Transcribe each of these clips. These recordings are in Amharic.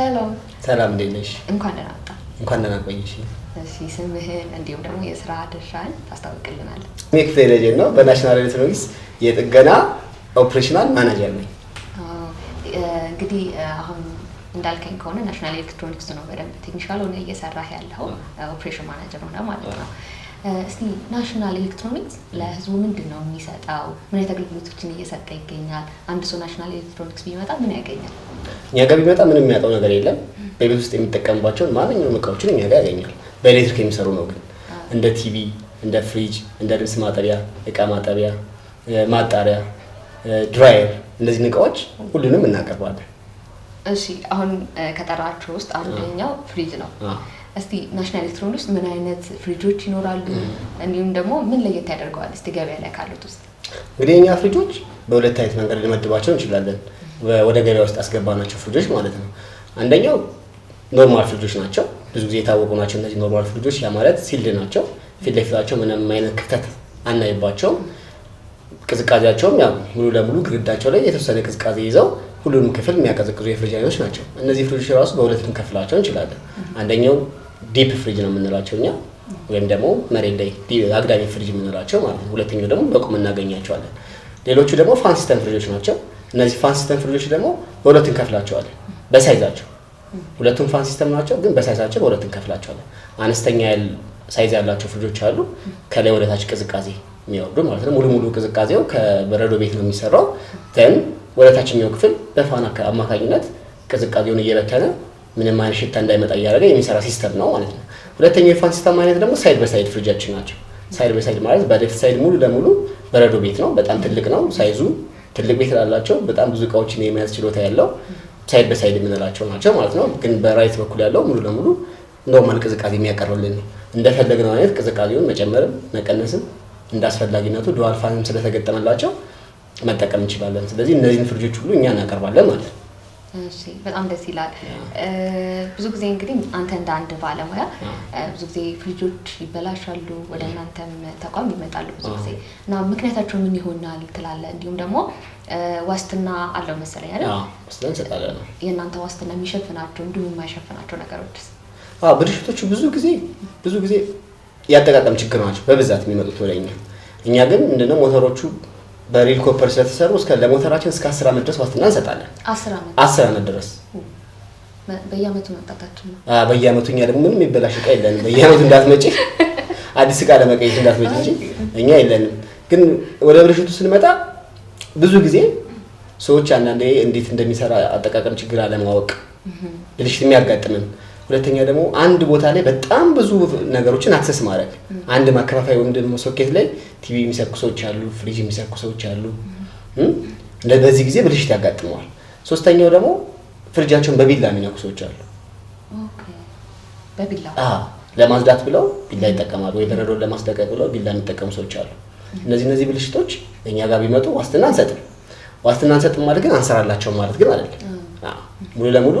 ሰላም ሰላም፣ እንዴት ነሽ? እንኳን ደህና መጣ። እንኳን ደህና ቆየሽ። እሺ፣ ስምህን እንዲሁም ደግሞ የስራ ድርሻህን ታስታውቅልናል? እኔ ክፍሌ ደጀን ነው። በናሽናል ኤሌክትሮኒክስ የጥገና ኦፕሬሽናል ማናጀር ነኝ። እንግዲህ አሁን እንዳልከኝ ከሆነ ናሽናል ኤሌክትሮኒክስ ነው በደንብ ቴክኒሻል ሆነ እየሰራህ ያለው ኦፕሬሽን ማናጀር ሆነ ማለት ነው። እስቲ ናሽናል ኤሌክትሮኒክስ ለህዝቡ ምንድን ነው የሚሰጠው? ምን አይነት አገልግሎቶችን እየሰጠ ይገኛል? አንድ ሰው ናሽናል ኤሌክትሮኒክስ ቢመጣ ምን ያገኛል? እኛ ጋር ቢመጣ ምንም የሚያጣው ነገር የለም። በቤት ውስጥ የሚጠቀምባቸውን ማንኛውም እቃዎችን እኛ ጋር ያገኛል። በኤሌክትሪክ የሚሰሩ ነው ግን እንደ ቲቪ፣ እንደ ፍሪጅ፣ እንደ ልብስ ማጠቢያ፣ እቃ ማጠቢያ፣ ማጣሪያ፣ ድራየር እነዚህን እቃዎች ሁሉንም እናቀርባለን። እሺ አሁን ከጠራችሁ ውስጥ አንደኛው ፍሪጅ ነው። እስቲ ናሽናል ኤሌክትሮኒክስ ምን አይነት ፍሪጆች ይኖራሉ? እንዲሁም ደግሞ ምን ለየት ያደርገዋል? እስቲ ገበያ ላይ ካሉት ውስጥ እንግዲህ የኛ ፍሪጆች በሁለት አይነት መንገድ ልመድባቸው እንችላለን። ወደ ገበያ ውስጥ ያስገባናቸው ፍሪጆች ማለት ነው። አንደኛው ኖርማል ፍሪጆች ናቸው። ብዙ ጊዜ የታወቁ ናቸው። እነዚህ ኖርማል ፍሪጆች ያ ማለት ሲልድ ናቸው። ፊት ለፊታቸው ምንም አይነት ክፍተት አናይባቸውም። ቅዝቃዜያቸውም ያው ሙሉ ለሙሉ ግድግዳቸው ላይ የተወሰነ ቅዝቃዜ ይዘው ሁሉንም ክፍል የሚያቀዘቅዙ የፍሪጅ አይነቶች ናቸው። እነዚህ ፍሪጆች ራሱ በሁለት ልንከፍላቸው እንችላለን። አንደኛው ዲፕ ፍሪጅ ነው የምንላቸው እኛ ወይም ደግሞ መሬት ላይ አግዳሚ ፍሪጅ የምንላቸው ማለት ነው። ሁለተኛው ደግሞ በቁም እናገኛቸዋለን። ሌሎቹ ደግሞ ፋንስተን ፍሪጆች ናቸው። እነዚህ ፋንሲስተም ፍሪጆች ደግሞ በሁለት እንከፍላቸዋለን በሳይዛቸው። ሁለቱም ሲስተም ናቸው፣ ግን በሳይዛቸው በሁለት እንከፍላቸዋለን። አነስተኛ ሳይዝ ያላቸው ፍሪጆች አሉ፣ ከላይ ወደ ታች ቅዝቃዜ የሚያወርዱ ማለት ነው። ሙሉ ሙሉ ቅዝቃዜው ከበረዶ ቤት ነው የሚሰራው። ተን ወደ ክፍል በፋን አማካኝነት ቅዝቃዜውን እየበተነ ምንም አይነት ሽታ እንዳይመጣ እያደረገ የሚሰራ ሲስተም ነው ማለት ነው። ሁለተኛው የፋን ሲስተም አይነት ደግሞ ሳይድ በሳይድ ፍሪጃችን ናቸው። ሳይድ በሳይድ ማለት በሌፍት ሳይድ ሙሉ ለሙሉ በረዶ ቤት ነው። በጣም ትልቅ ነው ሳይዙ። ትልቅ ቤት ላላቸው በጣም ብዙ እቃዎችን የመያዝ ችሎታ ያለው ሳይድ በሳይድ የምንላቸው ናቸው ማለት ነው። ግን በራይት በኩል ያለው ሙሉ ለሙሉ ኖርማል ቅዝቃዜ የሚያቀርብልን ነው። እንደፈለግነው አይነት ቅዝቃዜውን መጨመርም መቀነስም እንደ አስፈላጊነቱ ዱዋል ፋንም ስለተገጠመላቸው መጠቀም እንችላለን። ስለዚህ እነዚህን ፍሪጆች ሁሉ እኛ እናቀርባለን ማለት ነው። እሺ በጣም ደስ ይላል። ብዙ ጊዜ እንግዲህ አንተ እንደ አንድ ባለሙያ ብዙ ጊዜ ፍሪጆች ይበላሻሉ፣ ወደ እናንተም ተቋም ይመጣሉ ብዙ ጊዜ እና ምክንያታቸው ምን ይሆናል ትላለህ? እንዲሁም ደግሞ ዋስትና አለው መሰለኝ አይደል? ዋስትና እንሰጣለን። የእናንተ ዋስትና የሚሸፍናቸው እንዲሁም የማይሸፍናቸው ነገሮች ብልሽቶቹ ብዙ ጊዜ ብዙ ጊዜ ያጠቃቀም ችግር ናቸው በብዛት የሚመጡት ወደ እኛ። እኛ ግን ምንድነው ሞተሮቹ በሪል ኮፐር ስለተሰሩ እስከ ለሞተራችን እስከ 10 ዓመት ድረስ ዋስትና እንሰጣለን። 10 ዓመት 10 ድረስ በየዓመቱ መጣታችን ነው። በየዓመቱ እኛ ደግሞ ምንም የሚበላሽ እቃ የለንም። በየዓመቱ እንዳትመጪ አዲስ እቃ ለመቀየር እንዳትመጪ እንጂ እኛ የለንም። ግን ወደ ብልሽቱ ስንመጣ ብዙ ጊዜ ሰዎች አንዳንዴ እንዴት እንደሚሰራ አጠቃቀም ችግር አለማወቅ ብልሽት የሚያጋጥምን ሁለተኛ ደግሞ አንድ ቦታ ላይ በጣም ብዙ ነገሮችን አክሰስ ማድረግ። አንድ ማከፋፈያ ወይም ደግሞ ሶኬት ላይ ቲቪ የሚሰኩ ሰዎች አሉ፣ ፍሪጅ የሚሰኩ ሰዎች አሉ። በዚህ ጊዜ ብልሽት ያጋጥመዋል። ሶስተኛው ደግሞ ፍሪጃቸውን በቢላ የሚነኩ ሰዎች አሉ። ለማጽዳት ብለው ቢላ ይጠቀማሉ፣ ወይ በረዶን ለማስደቀቅ ብለው ቢላ የሚጠቀሙ ሰዎች አሉ። እነዚህ እነዚህ ብልሽቶች እኛ ጋር ቢመጡ ዋስትና አንሰጥም። ዋስትና አንሰጥም ማለት ግን አንሰራላቸውም ማለት ግን አይደለም። ሙሉ ለሙሉ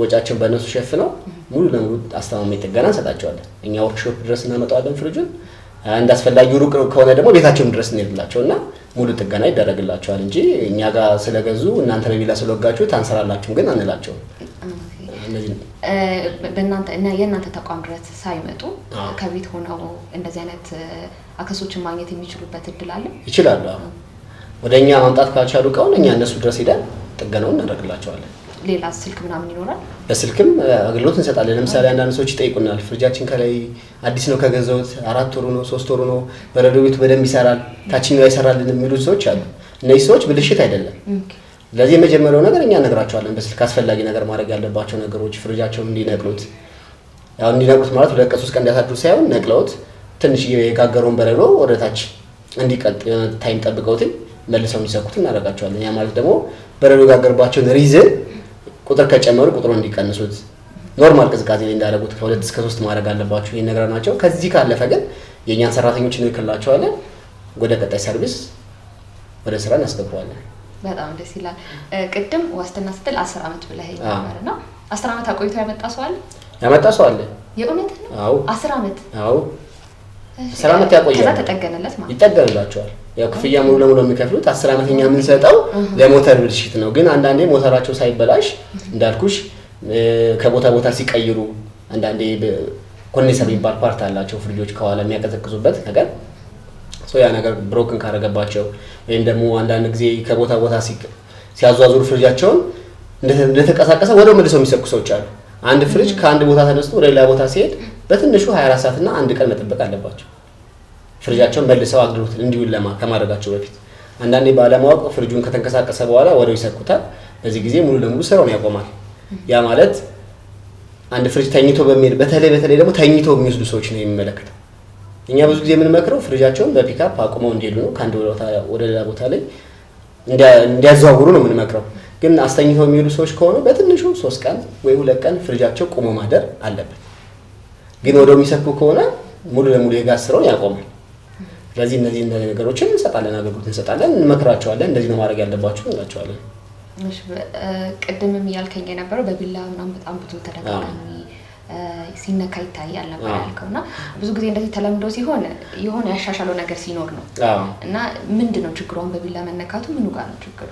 ወጫችን በእነሱ ሸፍነው ሙሉ ለሙሉ አስተማማኝ ጥገና እንሰጣቸዋለን። እኛ ወርክሾፕ ድረስ እናመጣዋለን ፍሪጁን። እንደ ሩቅ ከሆነ ደግሞ ቤታቸውም ድረስ እንሄድላቸው እና ሙሉ ጥገና ይደረግላቸዋል እንጂ እኛ ጋር ስለገዙ እናንተ በቢላ ስለወጋችሁ ታንሰራላችሁም ግን አንላቸውም። የእናንተ ተቋም ድረስ ሳይመጡ ከቤት ሆነው እንደዚህ አይነት አክሰሶችን ማግኘት የሚችሉበት እድል አለ ይችላሉ። ወደ እኛ ማምጣት ካልቻሉ እቃውን እኛ እነሱ ድረስ ሄደን ጥገናውን እናደርግላቸዋለን። ሌላ ስልክ ምናምን ይኖራል? በስልክም አገልግሎት እንሰጣለን። ለምሳሌ አንዳንድ ሰዎች ይጠይቁናል። ፍርጃችን ከላይ አዲስ ነው ከገዛሁት አራት ወሩ ነው ሶስት ወሩ ነው፣ በረዶ ቤቱ በደንብ ይሰራል፣ ታችኛው አይሰራልን የሚሉ ሰዎች አሉ። እነዚህ ሰዎች ብልሽት አይደለም። ስለዚህ የመጀመሪያው ነገር እኛ እነግራቸዋለን በስልክ አስፈላጊ ነገር ማድረግ ያለባቸው ነገሮች ፍርጃቸውን እንዲነቅሉት። ያው እንዲነቅሉት ማለት ሁለት ቀን ሶስት ቀን እንዲያሳድሩ ሳይሆን ነቅለውት ትንሽ የጋገረውን በረዶ ወደታች እንዲቀጥ ታይም ጠብቀውትን መልሰው እንዲሰኩት እናደርጋቸዋለን። ያ ማለት ደግሞ በረዶ የጋገርባቸውን ሪዝን ቁጥር ከጨመሩ ቁጥሩን እንዲቀንሱት ኖርማል ቅዝቃዜ ላይ እንዳደረጉት ከሁለት እስከ ሶስት ማድረግ አለባችሁ ይነግረ ናቸው። ከዚህ ካለፈ ግን የእኛን ሰራተኞች እንልክላቸዋለን ወደ ቀጣይ ሰርቪስ ወደ ስራ እናስገባዋለን። በጣም ደስ ይላል። ቅድም ዋስትና ስትል አስር ዓመት ብለህ ነበር እና አስር ዓመት አቆይቶ ያመጣ ሰው አለ ያመጣ ሰው አለ። የእውነት ነው? አስር ዓመት አዎ፣ አስር ዓመት ያቆያል። ከዛ ተጠገነለት ማለት ይጠገንላቸዋል ያው ክፍያ ሙሉ ለሙሉ የሚከፍሉት አስር ዓመተኛ የምንሰጠው ለሞተር ብልሽት ነው። ግን አንዳንዴ ሞተራቸው ሳይበላሽ እንዳልኩሽ ከቦታ ቦታ ሲቀይሩ አንዳንዴ ኮኔሰር የሚባል ፓርት አላቸው ፍሪጆች ከኋላ የሚያቀዘቅዙበት ነገር ያ ነገር ብሮክን ካረገባቸው ወይም ደግሞ አንዳንድ ጊዜ ከቦታ ቦታ ሲያዟዙሩ ፍሪጃቸውን እንደተንቀሳቀሰ ወደው መልሰው የሚሰኩ ሰዎች አሉ። አንድ ፍሪጅ ከአንድ ቦታ ተነስቶ ወደ ሌላ ቦታ ሲሄድ በትንሹ 24 ሰዓትና አንድ ቀን መጠበቅ አለባቸው። ፍርጃቸውን መልሰው አገልግሎት እንዲውል ለማ ከማድረጋቸው በፊት አንዳንዴ ባለማወቅ ፍርጁን ከተንቀሳቀሰ በኋላ ወደው ይሰኩታል። በዚህ ጊዜ ሙሉ ለሙሉ ስራውን ያቆማል። ያ ማለት አንድ ፍርጅ ተኝቶ በሚሄድ በተለይ በተለይ ደግሞ ተኝቶ የሚወስዱ ሰዎች ነው የሚመለከተው። እኛ ብዙ ጊዜ የምንመክረው ፍርጃቸውን በፒካፕ አቁመው እንዲሄዱ ነው። ከአንድ ወደ ሌላ ቦታ ላይ እንዲያዘዋውሩ ነው የምንመክረው። ግን አስተኝተው የሚሄዱ ሰዎች ከሆኑ በትንሹ ሶስት ቀን ወይ ሁለት ቀን ፍርጃቸው ቁሞ ማደር አለበት። ግን ወደው የሚሰኩ ከሆነ ሙሉ ለሙሉ የጋዝ ስራውን ያቆማል። ስለዚህ እነዚህ እንደ ነገሮችን እንሰጣለን፣ አገልግሎት እንሰጣለን፣ እንመክራቸዋለን። እንደዚህ ነው ማድረግ ያለባቸው እንላቸዋለን። ቅድምም እያልከኝ የነበረው በቢላ ምናምን በጣም ብዙ ተደጋጋሚ ሲነካ ይታያል ነበር ያልከው እና ብዙ ጊዜ እንደዚህ ተለምዶ ሲሆን የሆነ ያሻሻለው ነገር ሲኖር ነው እና ምንድን ነው አሁን በቢላ መነካቱ ምኑ ጋር ነው ችግሩ?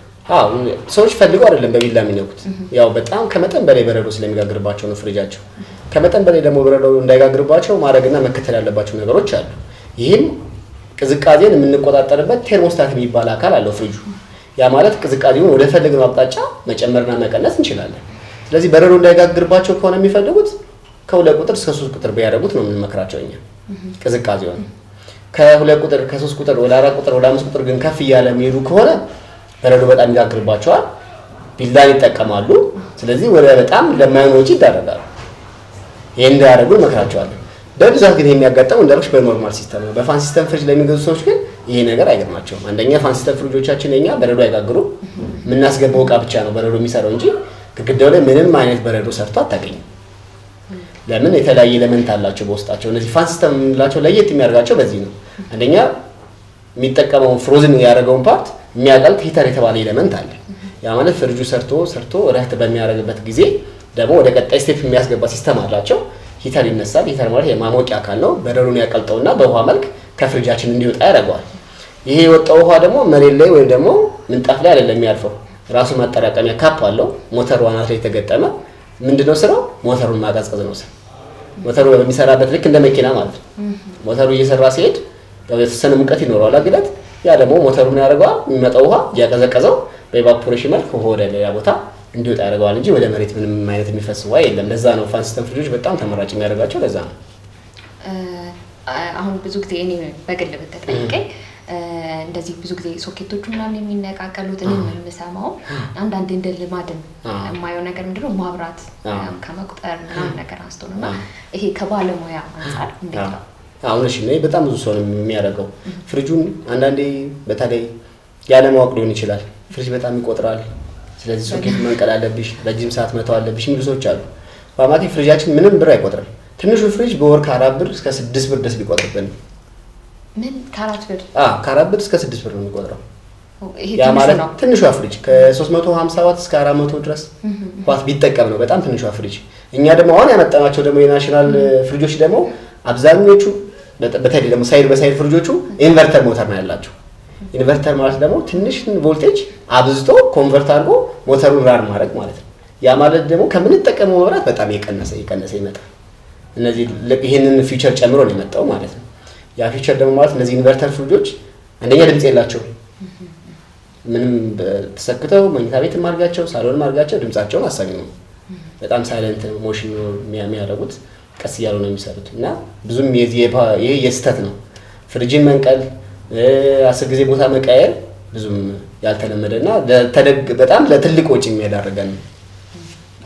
ሰዎች ፈልገው አይደለም በቢላ የሚነኩት። ያው በጣም ከመጠን በላይ በረዶ ስለሚጋግርባቸው ነው ፍሪጃቸው። ከመጠን በላይ ደግሞ በረዶ እንዳይጋግርባቸው ማድረግና መከተል ያለባቸው ነገሮች አሉ። ይህም ቅዝቃዜን የምንቆጣጠርበት ቴርሞስታት የሚባል አካል አለው ፍሪጁ። ያ ማለት ቅዝቃዜውን ወደ ፈለግነው አቅጣጫ መጨመርና መቀነስ እንችላለን። ስለዚህ በረዶ እንዳይጋግርባቸው ከሆነ የሚፈልጉት ከሁለት ቁጥር እስከ ሶስት ቁጥር ቢያደርጉት ነው የምንመክራቸው እኛ ቅዝቃዜውን። ከሁለት ቁጥር ከሶስት ቁጥር ወደ አራት ቁጥር ወደ አምስት ቁጥር ግን ከፍ እያለ የሚሄዱ ከሆነ በረዶ በጣም ይጋግርባቸዋል። ቢላን ይጠቀማሉ። ስለዚህ ወደ በጣም ለማይሆን ወጪ ይዳረጋሉ። ይህን እንዳያደርጉ እንመክራቸዋለን። በብዛት ግን የሚያጋጥመው እንዳልኩሽ በኖርማል ሲስተም ነው። በፋን ሲስተም ፍሪጅ ለሚገዙ ሰዎች ግን ይሄ ነገር አይገርማቸውም። አንደኛ ፋን ሲስተም ፍሪጆቻችን እኛ በረዶ አይጋግሩ የምናስገባው እቃ ብቻ ነው በረዶ የሚሰራው እንጂ ግድግዳው ላይ ምንም አይነት በረዶ ሰርቶ አታገኝም። ለምን? የተለያየ ኤሌመንት አላቸው በውስጣቸው። እነዚህ ፋን ሲስተም የምንላቸው ለየት የሚያደርጋቸው በዚህ ነው። አንደኛ የሚጠቀመውን ፍሮዝን ያደረገውን ፓርት የሚያቀልጥ ሂተር የተባለ ኤሌመንት አለ። ያ ማለት ፍርጁ ሰርቶ ሰርቶ ረህት በሚያደርግበት ጊዜ ደግሞ ወደ ቀጣይ ስቴፕ የሚያስገባ ሲስተም አላቸው። ሂተር ይነሳል። ሂተር ማለት የማሞቂያ አካል ነው። በረዶን ያቀልጠውና በውሃ መልክ ከፍሪጃችን እንዲወጣ ያደርገዋል። ይሄ የወጣው ውሃ ደግሞ መሬት ላይ ወይም ደግሞ ምንጣፍ ላይ አይደለም የሚያርፈው። ራሱ ማጠራቀሚያ ካፕ አለው። ሞተር ዋናት ላይ የተገጠመ ምንድነው ስራው? ሞተሩን ማቀዝቀዝ ነው ስራው። ሞተሩ በሚሰራበት ልክ እንደ መኪና ማለት ነው። ሞተሩ እየሰራ ሲሄድ የተወሰነ ሙቀት ይኖረዋል አግለት። ያ ደግሞ ሞተሩን ያደርገዋል። የሚመጣው ውሃ እያቀዘቀዘው በኢቫፖሬሽን መልክ ወደ ሌላ ቦታ እንዲወጣ ያደርገዋል እንጂ ወደ መሬት ምንም አይነት የሚፈስ ውሃ የለም። ለዛ ነው ፋን ሲስተም ፍሪጆች በጣም ተመራጭ የሚያደርጋቸው ለዛ ነው። አሁን ብዙ ጊዜ እኔ በግል ብትጠይቀኝ እንደዚህ ብዙ ጊዜ ሶኬቶቹ ምናምን የሚነቃቀሉት እኔ የምሰማው አንዳንዴ እንደ ልማድም የማየው ነገር ምንድነው ማብራት ከመቁጠር ምናምን ነገር አንስቶ ነው እና ይሄ ከባለሙያ አንጻር እንዴት ነው? አሁን እሺ፣ በጣም ብዙ ሰው የሚያደርገው ፍሪጁን አንዳንዴ በተለይ ያለማወቅ ሊሆን ይችላል። ፍሪጅ በጣም ይቆጥራል ስለዚህ ሶኬት መንቀል አለብሽ፣ ረጅም ሰዓት መተው አለብሽ የሚሉ ሰዎች አሉ። በአማካይ ፍሪጃችን ምንም ብር አይቆጥርም። ትንሹ ፍሪጅ በወር ከአራት ብር እስከ ስድስት ብር ድረስ ቢቆጥርብን፣ ምን ከአራት ብር ከአራት ብር እስከ ስድስት ብር ነው የሚቆጥረው። ያ ማለት ትንሿ ፍሪጅ ከ350 ዋት እስከ 400 ድረስ ዋት ቢጠቀም ነው በጣም ትንሿ ፍሪጅ። እኛ ደግሞ አሁን ያመጣናቸው ደግሞ የናሽናል ፍሪጆች ደግሞ አብዛኞቹ በተለይ ደግሞ ሳይድ በሳይድ ፍሪጆቹ ኢንቨርተር ሞተር ነው ያላቸው ኢንቨርተር ማለት ደግሞ ትንሽ ቮልቴጅ አብዝቶ ኮንቨርት አድርጎ ሞተሩን ራን ማድረግ ማለት ነው። ያ ማለት ደግሞ ከምንጠቀመው መብራት በጣም የቀነሰ የቀነሰ ይመጣል። እነዚህ ይህንን ፊቸር ጨምሮ ነው የመጣው ማለት ነው። ያ ፊቸር ደግሞ ማለት እነዚህ ኢንቨርተር ፍሪጆች አንደኛ ድምፅ የላቸውም። ምንም ተሰክተው መኝታ ቤት ማድርጋቸው ሳሎን ማድርጋቸው ድምፃቸውን አሳኝ ነው። በጣም ሳይለንት ሞሽን የሚያደርጉት ቀስ እያሉ ነው የሚሰሩት እና ብዙም ይህ የስተት ነው። ፍሪጅን መንቀል አስር ጊዜ ቦታ መቀየር ብዙም ያልተለመደ እና በጣም ለትልቅ ወጪ የሚያዳርገን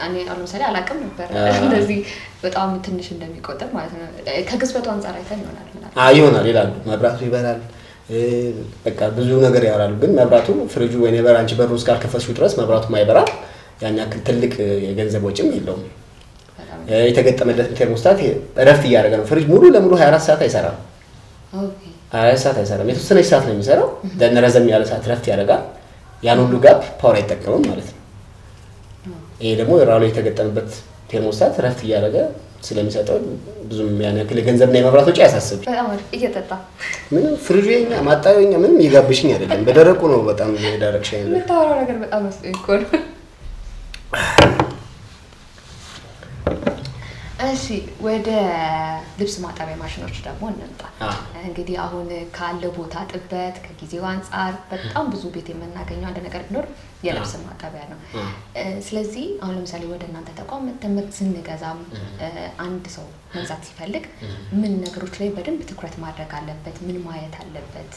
እኔ እኔ ለምሳሌ አላውቅም ነበር እንደዚህ በጣም ትንሽ እንደሚቆጠር ማለት ነው። ከግዝበቱ አንጻር አይተን ይሆናል ይሆናል ይላሉ። መብራቱ ይበላል በቃ ብዙ ነገር ያወራሉ። ግን መብራቱ ፍሪጁ ወይ በር አንቺ በሩ ከፈሱ ድረስ መብራቱ ማይበራል። ያን ያክል ትልቅ የገንዘብ ወጪም የለውም። የተገጠመለትን ቴርሞስታት እረፍት እያደረገ ነው። ፍሪጅ ሙሉ ለሙሉ 24 ሰዓት አይሰራም። ሀያ ሰዓት አይሰራም። የተወሰነች ሰዓት ነው የሚሰራው። ደን ረዘም ያለ ሰዓት ረፍት ያደርጋል። ያን ሁሉ ጋፕ ፓወር አይጠቀምም ማለት ነው። ይሄ ደግሞ ራሎ የተገጠመበት ቴርሞስታት ረፍት እያደረገ ስለሚሰጠው ብዙም ያን ያክል የገንዘብና የመብራት ወጪ አያሳስብ። ማጣኛ ምንም የጋብሽኝ አይደለም። በደረቁ ነው በጣም የዳረቅሽ ነገር በጣም እሺ ወደ ልብስ ማጠቢያ ማሽኖች ደግሞ እንምጣ። እንግዲህ አሁን ካለ ቦታ ጥበት ከጊዜው አንጻር በጣም ብዙ ቤት የምናገኘው አንድ ነገር ቢኖር የልብስ ማጠቢያ ነው። ስለዚህ አሁን ለምሳሌ ወደ እናንተ ተቋም ትምህርት ስንገዛም አንድ ሰው መግዛት ሲፈልግ ምን ነገሮች ላይ በደንብ ትኩረት ማድረግ አለበት? ምን ማየት አለበት?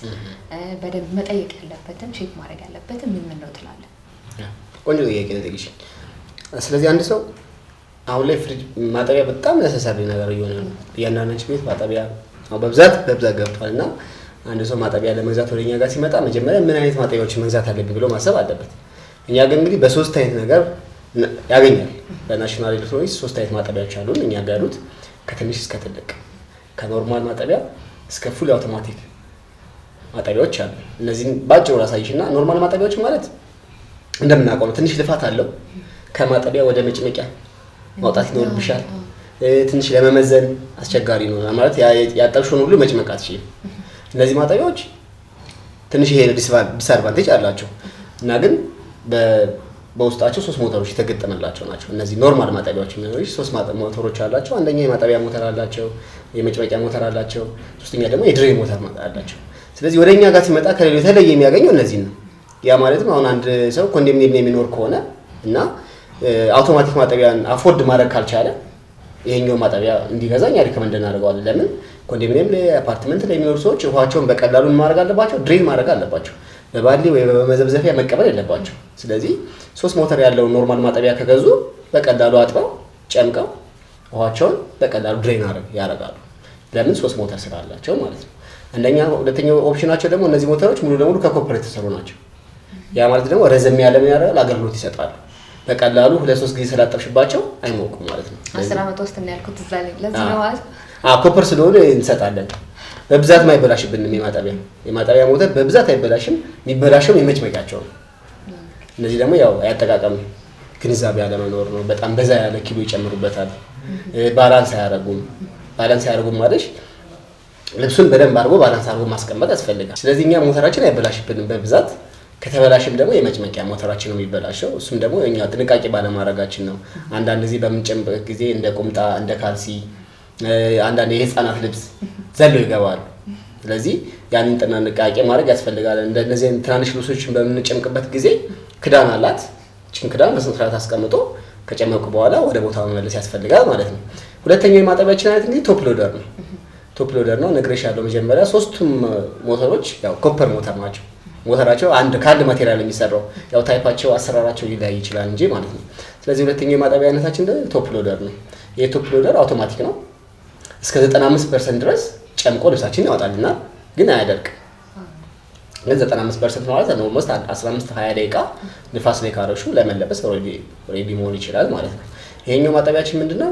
በደንብ መጠየቅ ያለበትን ቼክ ማድረግ ያለበትን ምን ምን ነው ትላለን? ቆንጆ ጥያቄ ነው። ስለዚህ አንድ ሰው አሁን ላይ ፍሪጅ ማጠቢያ በጣም ነሰሰሪ ነገር እየሆነ ነው። እያንዳንዳችን ቤት ማጠቢያ በብዛት በብዛት ገብቷል እና አንድ ሰው ማጠቢያ ለመግዛት ወደኛ ጋር ሲመጣ መጀመሪያ ምን አይነት ማጠቢያዎችን መግዛት አለብኝ ብሎ ማሰብ አለበት። እኛ ግን እንግዲህ በሶስት አይነት ነገር ያገኛል። በናሽናል ኤሌክትሮኒክስ ሶስት አይነት ማጠቢያዎች አሉን እኛ ጋር ያሉት ከትንሽ እስከ ትልቅ፣ ከኖርማል ማጠቢያ እስከ ፉል አውቶማቲክ ማጠቢያዎች አሉ። እነዚህን ባጭሩ ላሳይሽ እና ኖርማል ማጠቢያዎች ማለት እንደምናውቀው ነው። ትንሽ ልፋት አለው ከማጠቢያ ወደ መጭመቂያ ማውጣት ይኖርብሻል። ትንሽ ለመመዘን አስቸጋሪ ነው ማለት ያጠብሽውን ሁሉ መጭመቃት ሽ እነዚህ ማጠቢያዎች ትንሽ ይሄ ዲስአድቫንቴጅ አላቸው እና ግን በውስጣቸው ሶስት ሞተሮች የተገጠመላቸው ናቸው። እነዚህ ኖርማል ማጠቢያዎች የሚኖሩ ሶስት ሞተሮች አላቸው። አንደኛ የማጠቢያ ሞተር አላቸው፣ የመጭመቂያ ሞተር አላቸው፣ ሶስተኛ ደግሞ የድሬ ሞተር አላቸው። ስለዚህ ወደ እኛ ጋር ሲመጣ ከሌሎ የተለየ የሚያገኘው እነዚህ ነው። ያ ማለትም አሁን አንድ ሰው ኮንዶሚኒየም የሚኖር ከሆነ እና አውቶማቲክ ማጠቢያን አፎርድ ማድረግ ካልቻለ ይሄኛው ማጠቢያ እንዲገዛ እኛ ሪከመንድ እናደርገዋለን። ለምን ኮንዶሚኒየም ላይ አፓርትመንት ላይ የሚኖሩ ሰዎች ውሃቸውን በቀላሉ ማድረግ አለባቸው፣ ድሬን ማድረግ አለባቸው። በባሊ ወይ በመዘብዘፊያ መቀበል የለባቸው። ስለዚህ ሶስት ሞተር ያለውን ኖርማል ማጠቢያ ከገዙ በቀላሉ አጥበው ጨምቀው ውሃቸውን በቀላሉ ድሬን ያደርጋሉ። ለምን ሶስት ሞተር ስላላቸው ማለት ነው። አንደኛ ሁለተኛው ኦፕሽናቸው ደግሞ እነዚህ ሞተሮች ሙሉ ለሙሉ ከኮፐር የተሰሩ ናቸው። ያ ማለት ደግሞ ረዘም ያለ ያደርጋል አገልግሎት ይሰጣሉ። በቀላሉ ሁለት ሶስት ጊዜ ስላጠብሽባቸው አይሞቁም ማለት ነው። አስር ውስጥ ነው ያልኩት እዛ ላይ ለዚህ ነው ማለት ኮፐር ስለሆነ እንሰጣለን። በብዛት አይበላሽብንም። የማጠቢያ የማጠቢያ ሞተር በብዛት አይበላሽም። የሚበላሸው የመጭመቂያቸው ነው። እነዚህ ደግሞ ያው አያጠቃቀም ግንዛቤ አለመኖር ነው። በጣም በዛ ያለ ኪሎ ይጨምሩበታል። ባላንስ አያረጉም። ባላንስ አያረጉም ማለት ልብሱን በደንብ አድርጎ ባላንስ አድርጎ ማስቀመጥ ያስፈልጋል። ስለዚህ እኛ ሞተራችን አይበላሽብንም በብዛት ከተበላሽም ደግሞ የመጭመቂያ ሞተራችን ነው የሚበላሸው። እሱም ደግሞ እኛ ጥንቃቄ ባለማድረጋችን ነው። አንዳንድ ጊዜ በምንጨምቅበት ጊዜ እንደ ቁምጣ፣ እንደ ካልሲ፣ አንዳንድ የህፃናት ልብስ ዘለው ይገባሉ። ስለዚህ ያንን ጥንቃቄ ማድረግ ያስፈልጋል። እንደነዚህ ትናንሽ ልብሶችን በምንጨምቅበት ጊዜ ክዳን አላት። ችን ክዳን በስነ አስቀምጦ ከጨመቁ በኋላ ወደ ቦታ መመለስ ያስፈልጋል ማለት ነው። ሁለተኛው የማጠቢያችን አይነት እንግዲህ ቶፕ ሎደር ነው። ቶፕ ሎደር ነው ነግሬሽ ያለው መጀመሪያ ሶስቱም ሞተሮች ያው ኮፐር ሞተር ናቸው። ሞተራቸው አንድ ከአንድ ማቴሪያል የሚሰራው ያው ታይፓቸው አሰራራቸው ሊለያይ ይችላል እንጂ ማለት ነው። ስለዚህ ሁለተኛው የማጠቢያ አይነታችን ቶፕ ሎደር ነው። ቶፕ ሎደር አውቶማቲክ ነው። እስከ 95 ፐርሰንት ድረስ ጨምቆ ልብሳችን ያወጣልና ግን አያደርቅ ግን 95 ፐርሰንት ማለት ነው። ኦልሞስት 15 20 ደቂቃ ንፋስ ላይ ካረሹ ለመለበስ ሬዲ መሆን ይችላል ማለት ነው። ይሄኛው ማጠቢያችን ምንድነው?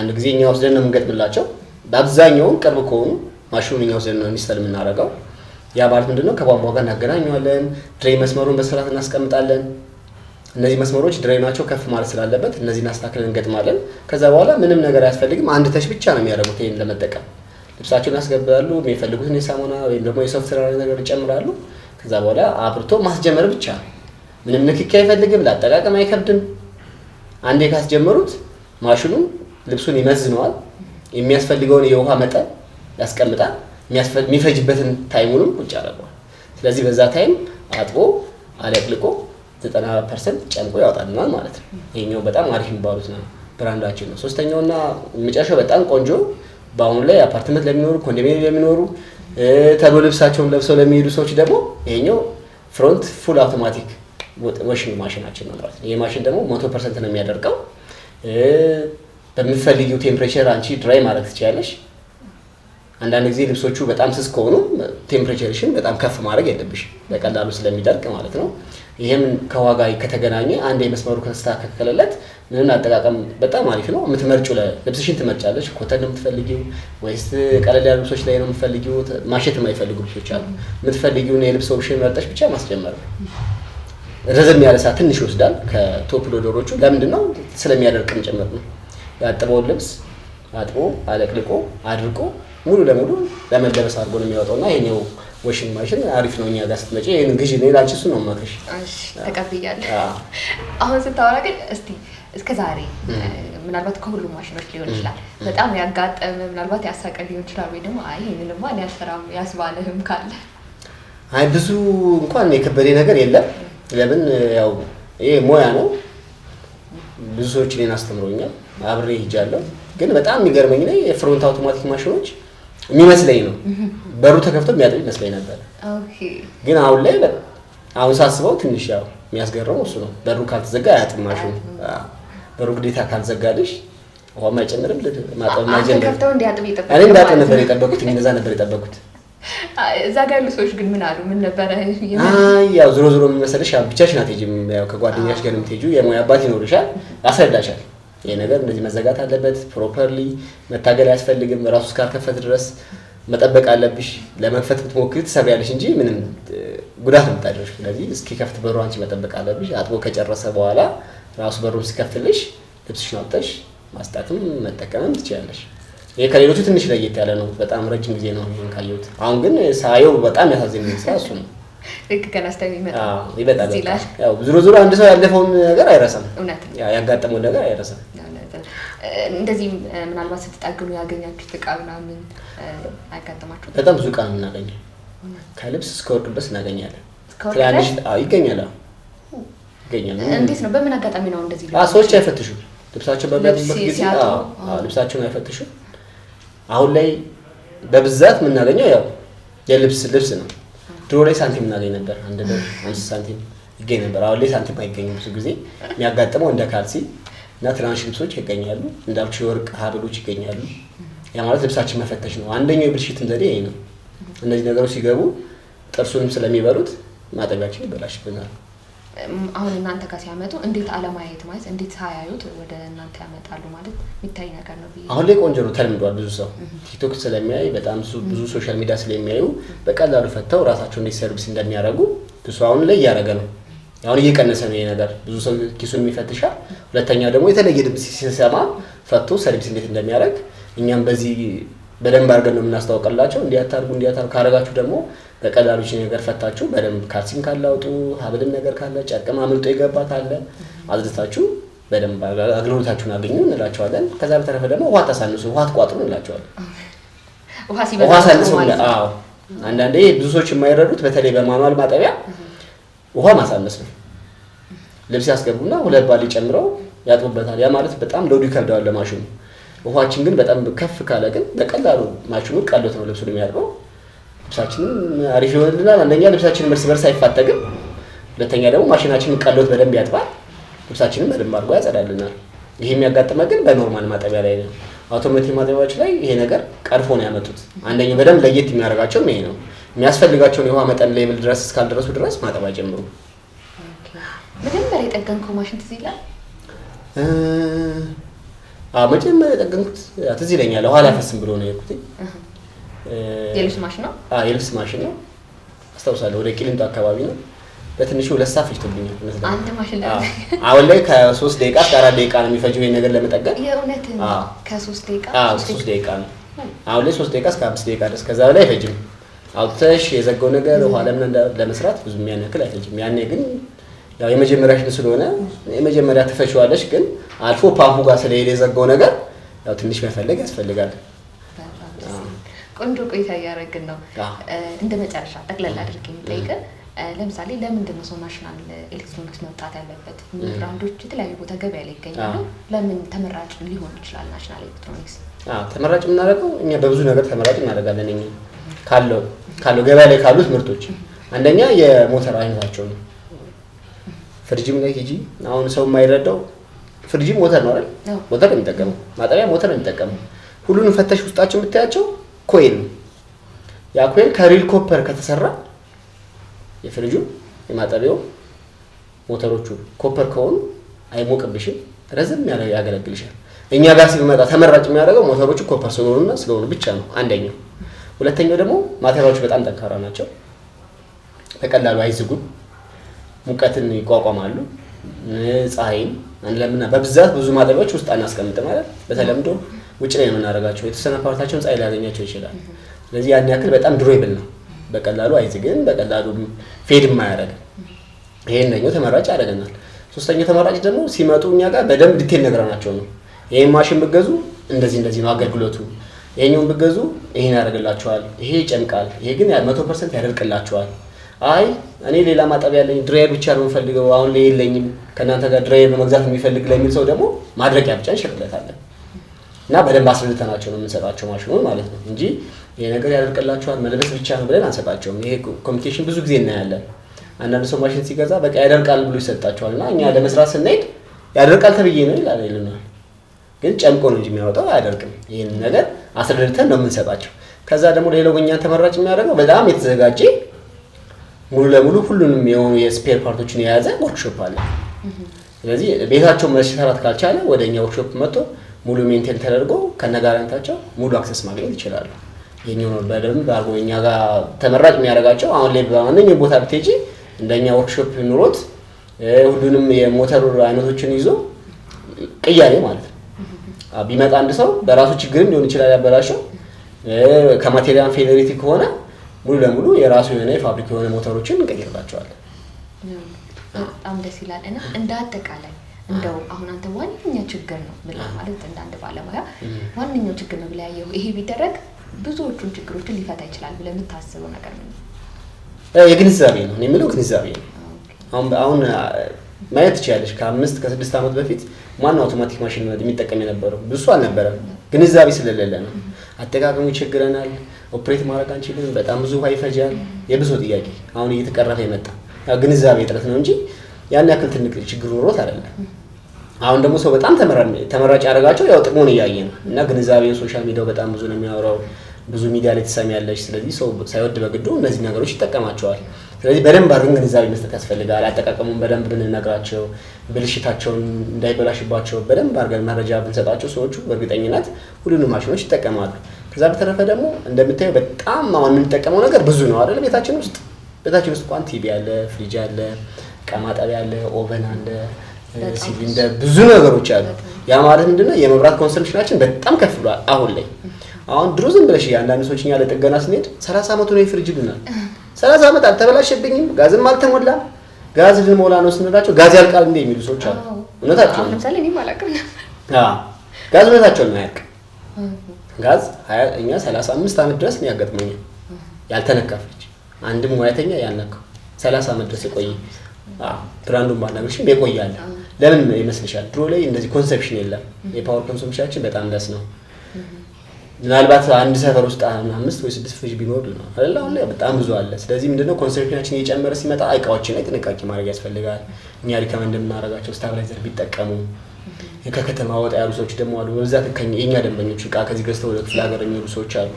አንድ ጊዜ እኛ ወስደን ነው የምንገጥምላቸው። በአብዛኛውን ቅርብ ከሆኑ ማሽኑን እኛ ወስደን ነው ኢንስታል የምናደርገው። ያ ማለት ምንድን ነው? ከቧንቧው ጋር እናገናኘዋለን። ድሬ መስመሩን በስርዓት እናስቀምጣለን። እነዚህ መስመሮች ድሬናቸው ከፍ ማለት ስላለበት እነዚህን አስተካክለን እንገጥማለን። ከዛ በኋላ ምንም ነገር አያስፈልግም። አንድ ተች ብቻ ነው የሚያደርጉት ይህን ለመጠቀም ልብሳቸውን ያስገባሉ። የሚፈልጉትን የሳሙና ወይም ደግሞ የሶፍትዌር ነገር ይጨምራሉ። ከዛ በኋላ አብርቶ ማስጀመር ብቻ ነው። ምንም ንክኪ አይፈልግም። ለአጠቃቀም አይከብድም። አንዴ ካስጀመሩት ማሽኑ ልብሱን ይመዝነዋል። የሚያስፈልገውን የውሃ መጠን ያስቀምጣል። የሚፈጅበትን ታይሙንም ቁጭ ያደርገዋል። ስለዚህ በዛ ታይም አጥቦ አለቅልቆ 90 ፐርሰንት ጨምቆ ያወጣልናል ማለት ነው። ይሄኛው በጣም አሪፍ የሚባሉት ነው ብራንዳችን ነው። ሶስተኛውና መጨረሻው በጣም ቆንጆ በአሁኑ ላይ አፓርትመንት ለሚኖሩ ኮንዶሚኒየም ለሚኖሩ ተብሎ ልብሳቸውን ለብሰው ለሚሄዱ ሰዎች ደግሞ ይሄኛው ፍሮንት ፉል አውቶማቲክ ወሽንግ ማሽናችን ነው ማለት ነው። ይህ ማሽን ደግሞ መቶ ፐርሰንት ነው የሚያደርገው። በምትፈልጊው ቴምፕሬቸር አንቺ ድራይ ማድረግ ትችላለች። አንዳንድ ጊዜ ልብሶቹ በጣም ስስ ከሆኑ ቴምፕሬቸርሽን በጣም ከፍ ማድረግ የለብሽ በቀላሉ ስለሚደርቅ ማለት ነው። ይህም ከዋጋ ከተገናኘ አንድ የመስመሩ ከተስተካከለለት ምንም አጠቃቀም በጣም አሪፍ ነው። የምትመርጩ ልብስሽን ትመርጫለች። ኮተን ነው የምትፈልጊው ወይስ ቀለል ያሉ ልብሶች ላይ ነው የምትፈልጊው? ማሸት የማይፈልጉ ልብሶች አሉ። የምትፈልጊውን የልብስ ኦፕሽን መርጠሽ ብቻ ማስጀመር ረዘም ያለ ሰዓት ትንሽ ይወስዳል ከቶፕ ሎደሮቹ። ለምንድን ነው ስለሚያደርቅም ጭምር ነው። ያጥበውን ልብስ አጥቦ አለቅልቆ አድርቆ ሙሉ ለሙሉ ለመደረስ አድርጎ ነው የሚወጣው እና ይሄኛው ወሽንግ ማሽን አሪፍ ነው። እኛ ጋር ስትመጪ ይህን ግዢ ነው እሱ ነው የማውቅሽ። ተቀብያለሁ። አሁን ስታወራ ግን እስቲ እስከ ዛሬ ምናልባት ከሁሉም ማሽኖች ሊሆን ይችላል በጣም ያጋጠመ ምናልባት ያሳቀ ሊሆን ይችላል ወይ ደግሞ አይ ይህንንማ ሊያሰራም ያስባለህም ካለ? አይ ብዙ እንኳን የከበደ ነገር የለም። ለምን ያው ይሄ ሙያ ነው። ብዙ ሰዎች እኔን አስተምሮኛል፣ አብሬ ሂጃለሁ። ግን በጣም የሚገርመኝ ላይ የፍሮንት አውቶማቲክ ማሽኖች የሚመስለኝ ነው። በሩ ተከፍቶ የሚያጥብ ይመስለኝ ነበር። ግን አሁን ላይ አሁን ሳስበው ትንሽ ያው የሚያስገርመው እሱ ነው። በሩ ካልተዘጋ አያጥማሹ። በሩ ግዴታ ካልዘጋልሽ ውሃም አይጨምርም። ማጠብ ማጀምር እኔ እንዳጥብ ነበር የጠበቁት፣ እንደዛ ነበር የጠበቁት። እዛ ጋር ያሉ ሰዎች ግን ምን አሉ? ምን ነበረ? ያው ዞሮ ዞሮ የሚመስልሽ ብቻሽን አትሄጂም፣ ከጓደኛሽ ጋር የምትሄጂው የሙያ አባት ይኖርሻል፣ አስረዳሻል ይሄ ነገር እንደዚህ መዘጋት አለበት፣ ፕሮፐርሊ መታገል አያስፈልግም፣ ራሱ እስካልከፈት ድረስ መጠበቅ አለብሽ። ለመክፈት ብትሞክሪ ትሰብሪያለሽ እንጂ ምንም ጉዳት የምታደርሽ። ስለዚህ እስኪከፍት በሩ አንቺ መጠበቅ አለብሽ። አጥቦ ከጨረሰ በኋላ ራሱ በሩን ሲከፍትልሽ ልብስሽን አውጥተሽ ማስጣትም መጠቀምም ትችላለሽ። ይሄ ከሌሎቹ ትንሽ ለየት ያለ ነው። በጣም ረጅም ጊዜ ነው ካየሁት። አሁን ግን ሳየው በጣም ያሳዘኝ ስራ እሱ ነው። ልክ ገና ስለሚመጣ ይመጣል። ዞሮ ዞሮ አንድ ሰው ያለፈውን ነገር አይረሳም፣ ያጋጠመውን ነገር አይረሳም። እንደዚህ ምናልባት ስትጠግኑ ያገኛችሁት እቃ ምናምን አያጋጥማችሁ? በጣም ብዙ እቃ ነው የምናገኘው። ከልብስ እስከ ወርቅ ድረስ እናገኛለን። ትናንሽ ይገኛል እንዴት ነው? በምን አጋጣሚ ነው እንደዚህ? ሰዎች አይፈትሹም ልብሳቸው ልብሳቸውን አይፈትሹም። አሁን ላይ በብዛት የምናገኘው ያው የልብስ ልብስ ነው ድሮ ላይ ሳንቲም እናገኝ ነበር። አንድ ብር አምስት ሳንቲም ይገኝ ነበር። አሁን ላይ ሳንቲም አይገኝም። ብዙ ጊዜ የሚያጋጥመው እንደ ካልሲ እና ትናንሽ ልብሶች ይገኛሉ። እንዳልኩ የወርቅ ሀብሎች ይገኛሉ። ያ ማለት ልብሳችን መፈተሽ ነው። አንደኛው የብልሽትም ዘዴ ይሄ ነው። እነዚህ ነገሮች ሲገቡ ጥርሱንም ስለሚበሉት ማጠቢያችን ይበላሽብናል። አሁን እናንተ ጋር ሲያመጡ እንዴት አለማየት ማለት እንዴት ሳያዩት ወደ እናንተ ያመጣሉ ማለት የሚታይ ነገር ነው። አሁን ላይ ቆንጆ ነው ተለምዷል። ብዙ ሰው ቲክቶክ ስለሚያይ በጣም ብዙ ሶሻል ሚዲያ ስለሚያዩ በቀላሉ ፈተው ራሳቸው እንዴት ሰርቪስ እንደሚያደርጉ ብሱ አሁን ላይ እያደረገ ነው። አሁን እየቀነሰ ነው ይሄ ነገር። ብዙ ሰው ኪሱን የሚፈትሻል። ሁለተኛ ደግሞ የተለየ ድምፅ ሲሰማ ፈቶ ሰርቪስ እንዴት እንደሚያደርግ እኛም በዚህ በደንብ አድርገን ነው የምናስታውቅላቸው። እንዲያታርጉ እንዲያታርጉ ካረጋችሁ ደግሞ በቀላሉ ነገር ፈታችሁ በደንብ ካሲን ካላውጡ ሀብልን ነገር ካለ ጨርቅም አምልጦ የገባ ካለ አዝርታችሁ በደንብ አገልግሎታችሁን አገኙ እንላቸዋለን። ከዛ በተረፈ ደግሞ ውሃ ታሳንሱ፣ ውሃ ትቋጥሩ እንላቸዋለን። ውሃ ሳንሱ። አዎ አንዳንዴ ብዙ ሰዎች የማይረዱት በተለይ በማኑዋል ማጠቢያ ውሃ ማሳነስ ነው። ልብስ ያስገቡና ሁለት ባሌ ጨምረው ያጥቡበታል። ያ ማለት በጣም ለውዱ ይከብደዋል ለማሽኑ። ውሃችን ግን በጣም ከፍ ካለ ግን በቀላሉ ማሽኑ ቀሎት ነው ልብሱን የሚያጥበው ልብሳችንም አሪፍ ይሆንልናል። አንደኛ ልብሳችን እርስ በርስ አይፋጠግም፣ ሁለተኛ ደግሞ ማሽናችንን ቀሎት በደንብ ያጥባል። ልብሳችንም በደንብ አድርጎ ያጸዳልናል። ይህ የሚያጋጥመ ግን በኖርማል ማጠቢያ ላይ ነው። አውቶሜቲክ ማጠቢያዎች ላይ ይሄ ነገር ቀርፎ ነው ያመጡት። አንደኛው በደንብ ለየት የሚያደርጋቸውም ይሄ ነው። የሚያስፈልጋቸውን የውሃ መጠን ሌብል ድረስ እስካልደረሱ ድረስ ማጠብ አይጀምሩ። መጀመሪያ የጠገንከው ማሽን ትዝ ይላል? መጀመሪያ የጠገንኩት ትዝ ይለኛል። ውሃ ላፈስም ብሎ ነው የሄድኩት የልብስ ማሽን ነው። የልብስ ማሽን ነው አስታውሳለሁ። ወደ ቂሊንጦ አካባቢ ነው። በትንሹ ሁለት ሰዓት ፈጅቶብኛል። አሁን ላይ ከሶስት ደቂቃ እስከ አራት ደቂቃ ነው የሚፈጀው ይሄን ነገር ለመጠቀም። ከሶስት ደቂቃ ሶስት ደቂቃ ነው አሁን ላይ ሶስት ደቂቃ እስከ አምስት ደቂቃ ድረስ ከዛ በላይ አይፈጅም። አውጥተሽ የዘጋው ነገር ኋላ ምን ለመስራት ብዙ ያን አይፈጅም። ያኔ ግን ያው የመጀመሪያሽን ስለሆነ የመጀመሪያ ትፈችዋለሽ። ግን አልፎ ፓምፑ ጋር ስለሄደ የዘጋው ነገር ያው ትንሽ መፈለግ ያስፈልጋል። ቆንጆ ቆይታ እያደረግን ነው። እንደ መጨረሻ ጠቅለል አድርግ የሚጠይቅን ለምሳሌ ለምንድን ነው ሰው ናሽናል ኤሌክትሮኒክስ መምጣት ያለበት? ብራንዶች የተለያዩ ቦታ ገበያ ላይ ይገኛሉ። ለምን ተመራጭ ሊሆን ይችላል ናሽናል ኤሌክትሮኒክስ? ተመራጭ የምናደርገው እኛ በብዙ ነገር ተመራጭ እናደርጋለን። እኛ ካለው ካለው ገበያ ላይ ካሉት ምርቶች አንደኛ የሞተር አይነታቸው ነው። ፍሪጅም ላይ ሂጂ፣ አሁን ሰው የማይረዳው ፍሪጅ ሞተር ነው አይደል? ሞተር ነው የሚጠቀመው፣ ማጠቢያ ሞተር ነው የሚጠቀመው። ሁሉንም ፈተሽ ውስጣቸው የምታያቸው ኮይል ነው። ያ ኮይል ከሪል ኮፐር ከተሰራ የፍሪጁ የማጠቢያው ሞተሮቹ ኮፐር ከሆኑ አይሞቅብሽም፣ ረዘም ያለ ያገለግልሻል። እኛ ጋር ሲመጣ ተመራጭ የሚያደርገው ሞተሮቹ ኮፐር ስለሆኑና ስለሆኑ ብቻ ነው አንደኛው። ሁለተኛው ደግሞ ማቴሪያሎቹ በጣም ጠንካራ ናቸው። በቀላሉ አይዝጉም፣ ሙቀትን ይቋቋማሉ። ፀሐይም ለምና በብዛት ብዙ ማጠቢያዎች ውስጥ አናስቀምጥ ማለት በተለምዶ ውጭ ላይ የምናደርጋቸው። የተወሰነ ፓርታቸውን ፀሐይ ሊያገኛቸው ይችላል። ስለዚህ ያን ያክል በጣም ዱሬብል ነው፣ በቀላሉ አይዝግም፣ በቀላሉ ፌድም ይሄ ይሄንኛው ተመራጭ ያደርገናል። ሶስተኛው ተመራጭ ደግሞ ሲመጡ እኛ ጋር በደንብ ዲቴል ነግረናቸው ነው። ይህን ማሽን ብገዙ እንደዚህ እንደዚህ ነው አገልግሎቱ፣ ይህኛውን ብገዙ ይሄን ያደርግላቸዋል፣ ይሄ ይጨምቃል፣ ይሄ ግን መቶ ፐርሰንት ያደርቅላቸዋል። አይ እኔ ሌላ ማጠቢያ ያለኝ ድራየር ብቻ ነው የምፈልገው፣ አሁን ላይ የለኝም፣ ከእናንተ ጋር ድራየር መግዛት የሚፈልግ ለሚል ሰው ደግሞ ማድረቂያ ብቻ እንሸጥለታለን። እና በደንብ አስረድተናቸው ነው የምንሰጣቸው ማሽኑን ማለት ነው እንጂ ይሄ ነገር ያደርቅላቸዋል መለበስ ብቻ ነው ብለን አንሰጣቸውም። ይሄ ኮሚኒኬሽን ብዙ ጊዜ እናያለን። አንዳንድ ሰው ማሽን ሲገዛ በቃ ያደርቃል ብሎ ይሰጣቸዋል እና እኛ ለመስራት ስናሄድ ያደርቃል ተብዬ ነው ይላል ይልናል። ግን ጨምቆ ነው እንጂ የሚያወጣው አያደርቅም። ይህን ነገር አስረድተን ነው የምንሰጣቸው። ከዛ ደግሞ ሌላው እኛን ተመራጭ የሚያደርገው በጣም የተዘጋጀ ሙሉ ለሙሉ ሁሉንም የሆኑ የስፔር ፓርቶችን የያዘ ወርክሾፕ አለ። ስለዚህ ቤታቸው መሰራት ካልቻለ ወደ እኛ ወርክሾፕ መጥቶ ሙሉ ሜንቴን ተደርጎ ከነጋራንታቸው ሙሉ አክሰስ ማግኘት ይችላሉ። ይህኛው በደንብ አርጎ እኛ ጋር ተመራጭ የሚያደርጋቸው አሁን ላይ በማንኛውም ቦታ ብትሄጂ እንደኛ ወርክሾፕ ኑሮት ሁሉንም የሞተር አይነቶችን ይዞ ቅያሬ ማለት ነው ቢመጣ አንድ ሰው በራሱ ችግርም ሊሆን ይችላል ያበላሸው ከማቴሪያል ፌዴሬቲ ከሆነ ሙሉ ለሙሉ የራሱ የሆነ የፋብሪካ የሆነ ሞተሮችን እንቀይርላቸዋለን። በጣም ደስ ይላል እና እንደ አጠቃላይ እንደው አሁን አንተ ዋነኛ ችግር ነው ብ ማለት እንዳንድ ባለሙያ ዋነኛው ችግር ነው ብለህ ያየኸው ይሄ ቢደረግ ብዙዎቹን ችግሮችን ሊፈታ ይችላል ብለህ የምታስበው ነገር ነው? የግንዛቤ ነው የሚለው ግንዛቤ ነው። አሁን ማየት ትችላለች። ከአምስት ከስድስት ዓመት በፊት ማን አውቶማቲክ ማሽን የሚጠቀም የነበረው ብሱ አልነበረም። ግንዛቤ ስለሌለ ነው። አጠቃቀሙ ይቸግረናል፣ ኦፕሬት ማድረግ አንችልም፣ በጣም ብዙ ውሃ ይፈጃል። የብዙ ጥያቄ አሁን እየተቀረፈ የመጣ ግንዛቤ እጥረት ነው እንጂ ያን ያክል ትልቅ ችግር ኖሮት አይደለም። አሁን ደግሞ ሰው በጣም ተመራጭ ያደረጋቸው ያው ጥቅሙን እያየ ነው እና ግንዛቤን ሶሻል ሚዲያው በጣም ብዙ ነው የሚያወራው ብዙ ሚዲያ ላይ ትሰሚያለሽ። ስለዚህ ሰው ሳይወድ በግዱ እነዚህ ነገሮች ይጠቀማቸዋል። ስለዚህ በደንብ አድርገን ግንዛቤ መስጠት ያስፈልጋል። አጠቃቀሙን በደንብ ብንነግራቸው፣ ብልሽታቸውን እንዳይበላሽባቸው በደንብ አድርገን መረጃ ብንሰጣቸው ሰዎቹ በእርግጠኝነት ሁሉንም ማሽኖች ይጠቀማሉ። ከዛ በተረፈ ደግሞ እንደምታየው በጣም አሁን የምንጠቀመው ነገር ብዙ ነው አይደለ? ቤታችን ውስጥ ቤታችን ውስጥ እንኳን ቲቪ አለ፣ ፍሪጅ አለ ቀማጠቢያ አለ፣ ኦቨን አለ፣ ሲሊንደር ብዙ ነገሮች አሉ። ያ ማለት ምንድነው የመብራት ኮንሰምፕሽናችን በጣም ከፍ ብሏል አሁን ላይ። አሁን ድሮ ዝም ብለሽ አንዳንድ ሰዎች እኛ ለጥገና ስንሄድ ሰላሳ ዓመቱ ነው የፍሪጅ ይሉናል። ሰላሳ ዓመት አልተበላሸብኝም፣ ጋዝም አልተሞላም፣ ጋዝ ልሞላ ነው ስንላቸው ጋዝ ያልቃል እንደ የሚሉ ሰዎች አሉ። እውነታቸው ጋዝ እውነታቸው ነው ያልቅ ጋዝ እኛ ሰላሳ አምስት ዓመት ድረስ ያጋጥመኛል ያልተነካ ፍሪጅ አንድም ሙያተኛ ያልነካው ሰላሳ ዓመት ድረስ የቆየ ብራንዱን ባናገርሽም የቆያል። ለምን ይመስልሻል? ድሮ ላይ እንደዚህ ኮንሰፕሽን የለም። የፓወር ኮንሰምፕሽናችን በጣም ለስ ነው። ምናልባት አንድ ሰፈር ውስጥ አምስት ወይ ስድስት ፍሪጅ ቢኖር ነው አይደል? አሁን ላይ በጣም ብዙ አለ። ስለዚህ ምንድነው ኮንሰፕሽናችን እየጨመረ ሲመጣ እቃዎችን ላይ ጥንቃቄ ማድረግ ያስፈልጋል። እኛ ሪከመንድ የምናደርጋቸው ስታብላይዘር ቢጠቀሙ ከከተማ ወጣ ያሉ ሰዎች ደግሞ አሉ። በብዛት የእኛ ደንበኞች እቃ ከዚህ ገዝተው ወደ ክፍለ ሀገር የሚሄዱ ሰዎች አሉ።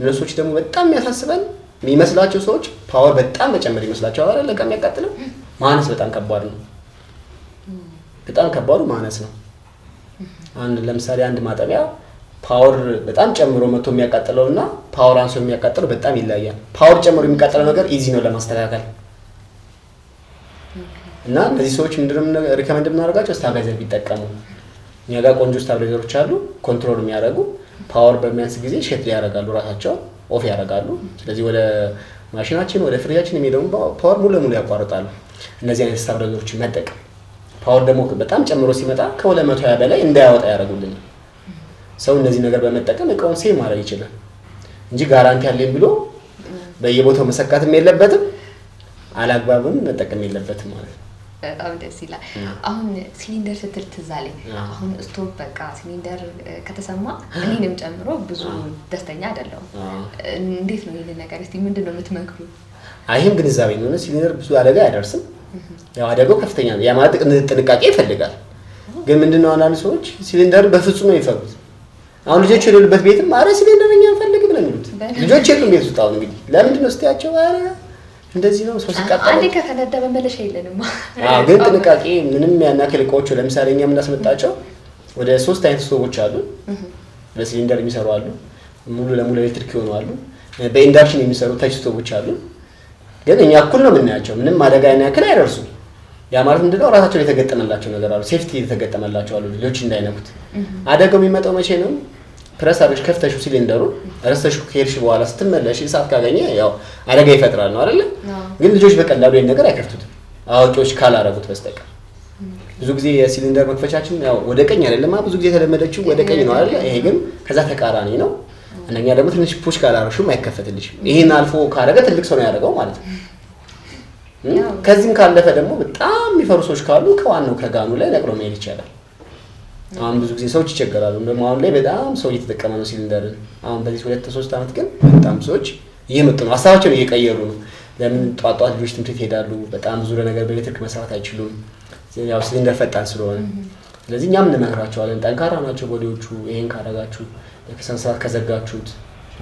እነሶች ደግሞ በጣም የሚያሳስበን የሚመስላቸው ሰዎች ፓወር በጣም መጨመር ይመስላቸው አለ ለቃ የሚያቃጥለው ማነስ በጣም ከባድ ነው። በጣም ከባዱ ማነስ ነው። አንድ ለምሳሌ አንድ ማጠቢያ ፓወር በጣም ጨምሮ መቶ የሚያቃጥለው እና ፓወር አንሶ የሚያቃጥለው በጣም ይለያል። ፓወር ጨምሮ የሚቃጥለው ነገር ኢዚ ነው ለማስተካከል እና እነዚህ ሰዎች ምንድን ሪከመንድ የምናደርጋቸው ስታብላይዘር ቢጠቀሙ። እኛ ጋር ቆንጆ ስታብላይዘሮች አሉ፣ ኮንትሮል የሚያደርጉ ፓወር በሚያንስ ጊዜ ሸት ያደርጋሉ፣ ራሳቸው ኦፍ ያደርጋሉ። ስለዚህ ወደ ማሽናችን ወደ ፍሪጃችን የሚሄደውን ፓወር ሙሉ ለሙሉ ያቋርጣሉ። እነዚህ አይነት ስታብረገሮችን መጠቀም ፓወር ደግሞ በጣም ጨምሮ ሲመጣ ከሁለት መቶ ሀያ በላይ እንዳያወጣ ያደርጉልናል። ሰው እነዚህ ነገር በመጠቀም እቃውን ሴ ማድረግ ይችላል እንጂ ጋራንቲ አለኝ ብሎ በየቦታው መሰካትም የለበትም አላግባብም መጠቀም የለበትም ማለት ነው። በጣም ደስ ይላል። አሁን ሲሊንደር ስትል ትዝ አለኝ። አሁን ስቶቭ በቃ ሲሊንደር ከተሰማ እኔንም ጨምሮ ብዙ ደስተኛ አይደለሁም። እንዴት ነው ይህንን ነገር እስኪ ምንድን ነው የምትመክሩ? ይህም ግንዛቤ ሆነ ሲሊንደር ብዙ አደጋ አያደርስም። ያው አደጋው ከፍተኛ ነው። ያ ማለት ጥንቃቄ ይፈልጋል። ግን ምንድን ነው አንዳንድ ሰዎች ሲሊንደርን በፍጹም ነው የሚፈሩት። አሁን ልጆች የሌሉበት ቤትም አረ ሲሊንደር እኛ አንፈልግ ብለን የሚሉት ልጆች የሉም ቤት ውስጥ። አሁን እንግዲህ ለምንድን ነው ስትያቸው አረ እንደዚህ ነው ሰው ሲቀጣ አንዴ ከፈነዳ መመለሻ የለንም። አዎ ግን ጥንቃቄ ምንም ያናክል እቃዎቹ ለምሳሌ እኛ የምናስመጣቸው ወደ ሶስት አይነት ስቶቦች አሉ። በሲሊንደር የሚሰሩ አሉ፣ ሙሉ ለሙሉ ኤሌክትሪክ የሆኑ አሉ፣ በኢንዳክሽን የሚሰሩ ታች ስቶቦች አሉ። ግን እኛ እኩል ነው የምናያቸው። ምንም አደጋ ያናክል አይደርሱም። ያ ማለት ምንድነው ራሳቸው የተገጠመላቸው ነገር አሉ፣ ሴፍቲ የተገጠመላቸው አሉ፣ ልጆች እንዳይነኩት። አደጋው የሚመጣው መቼ ነው? ፕረስ አድርገሽ ከፍተሽው ሲሊንደሩን ረስተሽ ከሄድሽ በኋላ ስትመለሽ እሳት ካገኘ ያው አደጋ ይፈጥራል ነው አይደለ? ግን ልጆች በቀላሉ ይህን ነገር አይከፍቱትም አዋቂዎች ካላረጉት በስተቀር። ብዙ ጊዜ የሲሊንደር መክፈቻችን ያው ወደ ቀኝ አይደለም፣ ብዙ ጊዜ የተለመደችው ወደ ቀኝ ነው አይደለ? ይሄ ግን ከዛ ተቃራኒ ነው። አንደኛ ደግሞ ትንሽ ፑሽ ካላረሹም አይከፈትልሽም። ይህን አልፎ ካረገ ትልቅ ሰው ነው ያደረገው ማለት ነው። ከዚህም ካለፈ ደግሞ በጣም የሚፈሩ ሰዎች ካሉ ከዋናው ከጋኑ ላይ ነቅሎ መሄድ ይቻላል። አሁን ብዙ ጊዜ ሰዎች ይቸገራሉ። ደግሞ አሁን ላይ በጣም ሰው እየተጠቀመ ነው ሲሊንደር። አሁን በዚህ ሁለት ሶስት ዓመት ግን በጣም ሰዎች እየመጡ ነው፣ ሀሳባቸውን እየቀየሩ ነው። ለምን ጧጧት ልጆች ትምህርት ቤት ይሄዳሉ። በጣም ብዙ ነገር በኤሌክትሪክ መስራት አይችሉም፣ ያው ሲሊንደር ፈጣን ስለሆነ። ስለዚህ እኛም እንመክራቸዋለን። ጠንካራ ናቸው ቦዲዎቹ። ይሄን ካረጋችሁ፣ ከስነ ከዘጋችሁት፣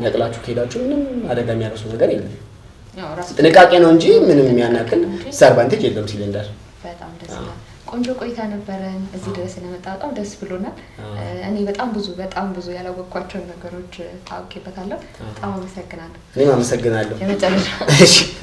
ነቅላችሁ ከሄዳችሁ ምንም አደጋ የሚያደርሱ ነገር የለም። ጥንቃቄ ነው እንጂ ምንም የሚያናክል ዲስአድቫንቴጅ የለም ሲሊንደር ቆንጆ ቆይታ ነበረን። እዚህ ድረስ ስለመጣ በጣም ደስ ብሎናል። እኔ በጣም ብዙ በጣም ብዙ ያላወቅኳቸውን ነገሮች ታውቄበታለሁ። በጣም አመሰግናለሁ። እኔም አመሰግናለሁ። የመጨረሻ